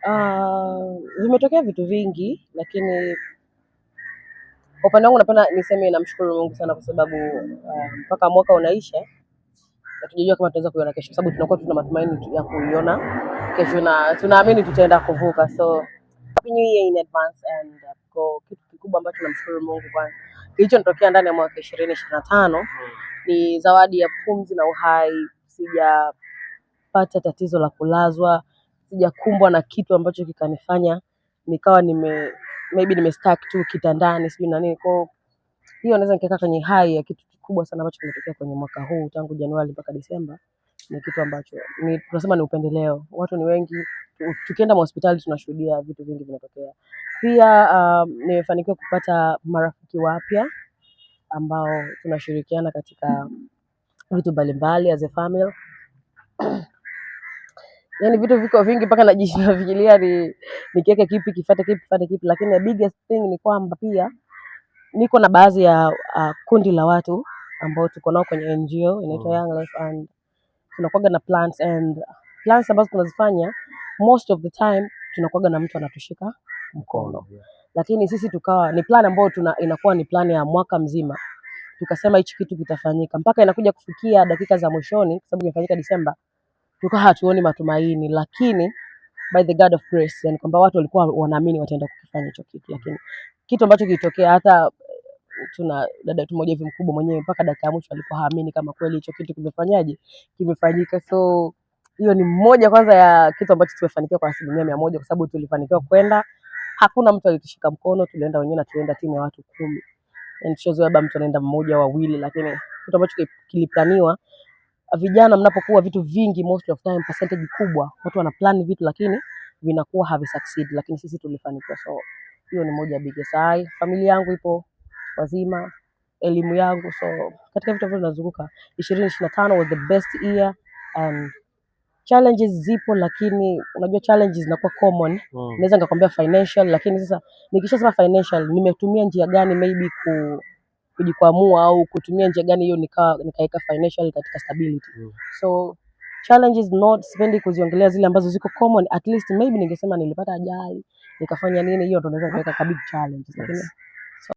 Uh, ah, vimetokea vitu vingi, lakini kwa upande wangu napenda niseme namshukuru Mungu sana kwa sababu uh, mpaka mwaka unaisha hatujajua kama tunaweza kuiona kesho, kwa sababu tunakuwa tuna matumaini ya kuiona kesho na tunaamini tutaenda kuvuka. So happy new year in advance and uh, kitu kikubwa ambacho namshukuru Mungu kwa kilichonitokea ndani ya mwaka ishirini ishirini na tano ni zawadi ya pumzi na uhai. Sijapata tatizo la kulazwa sijakumbwa na kitu ambacho kikanifanya nikawa nime maybe stuck tu kitandani sijui na nini Kwa Hiyo naweza nikakaa kwenye hai ya kitu kikubwa sana ambacho kimetokea kwenye mwaka huu tangu Januari mpaka Desemba ni kitu ambacho ni, tunasema ni upendeleo. Watu ni wengi, tukienda hospitali tunashuhudia vitu vingi vinatokea. Pia um, nimefanikiwa kupata marafiki wapya ambao tunashirikiana katika vitu mbalimbali as a family yani vitu viko vingi mpaka najifikiria ni nikiweke kipi kifate kipi kifate kipi, lakini the biggest thing ni kwamba pia niko na baadhi ya uh, kundi la watu ambao tuko nao kwenye NGO inaitwa mm. Young Life and tunakuwaga na plans and plans ambazo tunazifanya most of the time tunakuwaga na mtu anatushika mkono, oh, yeah. lakini sisi tukawa ni plan ambayo tuna, inakuwa ni plan ya mwaka mzima. Tukasema hichi kitu kitafanyika mpaka inakuja kufikia dakika za mwishoni, kwa sababu imefanyika Disemba tukawa hatuoni matumaini, lakini by the God of grace, yani kwamba watu walikuwa wanaamini wataenda kukifanya hicho kitu, lakini kitu ambacho kilitokea hata eh, tuna dada tu mmoja hivi mkubwa mwenyewe mpaka dakika ya mwisho alikuwa haamini kama kweli hicho kitu kimefanyaje kimefanyika. So hiyo ni mmoja kwanza ya kitu ambacho tumefanikiwa kwa asilimia mia moja kwa sababu tulifanikiwa kwenda, hakuna mtu alitushika mkono, tulienda wenyewe na tulienda timu ya watu kumi. Tushazoea labda mtu anaenda mmoja wawili, lakini kitu ambacho kiliplaniwa vijana mnapokuwa vitu vingi, most of time percentage kubwa watu wana plan vitu lakini vinakuwa have succeed, lakini sisi tulifanikiwa. So hiyo ni moja biggest ai. Familia yangu ipo wazima, elimu yangu, so katika vitu vyote vinazunguka 2025 was the best year and challenges zipo, lakini unajua challenges zinakuwa common. Mm. Naweza mm. nikakwambia financial, lakini sasa nikishasema financial nimetumia njia gani maybe ku kujikwamua au kutumia njia gani hiyo nikaweka financial katika stability mm. so challenges not, spendi kuziongelea zile ambazo ziko common. At least maybe ningesema nilipata ajali nikafanya nini, hiyo ndo naweza kuweka kabig challenge. yes. Lakini,